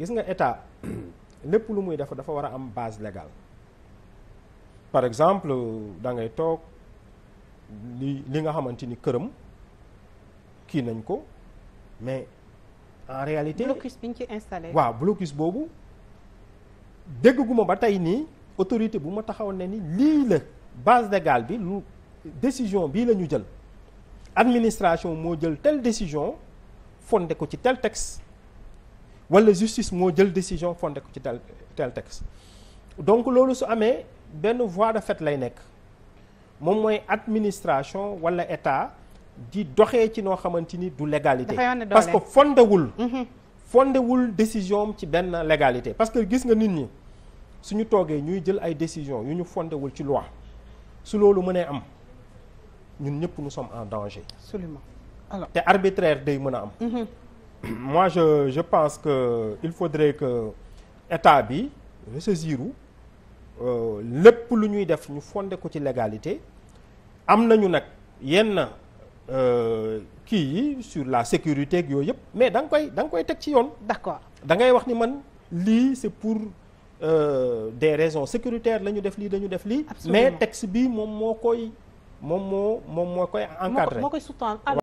gis nga état lépp lu muy def dafa war a am base légale par exemple da ngay toog li li nga xamante ni këram kii nañ ko mais en réalité blocus bi ñu ci installé. waaw blocus boobu dégguma ba tey nii autorité bu ma taxaw ne ni lii la base légale bi lu décision bii la ñu jël administration moo jël telle décision fonde ko ci tel texte. wala justice moo jël décision fondé ko ci tel tel donc loolu su amee benn voie de fait lay nekk moom mooy administration wala état di doxee ci noo xamante ni du légalité parce que fondewul mhm. fondewul décision ci benn légalité parce que gis nga nit ñi su ñu toogee ñuy jël ay décision yu ñu fondewul ci loi su loolu mënee am ñun ñëpp nous sommes en danger absolument alors te arbitraire day mën a am mhm. moi je je pense que il faudrait que état bi ressaisir euh, lépp lu ñuy def ñu fonde ko ci légalité am nañu nag yenn euh, kii yi sur la sécurité ak yooyu yëpp mais da nga koy da nga koy teg ci yoon. d'accord da ngay wax ni man lii c'est pour euh, des raisons sécuritaires la ñu def lii dañu def lii. mais texte bi moom moo koy moom moo moom moo koy encadré. moo koy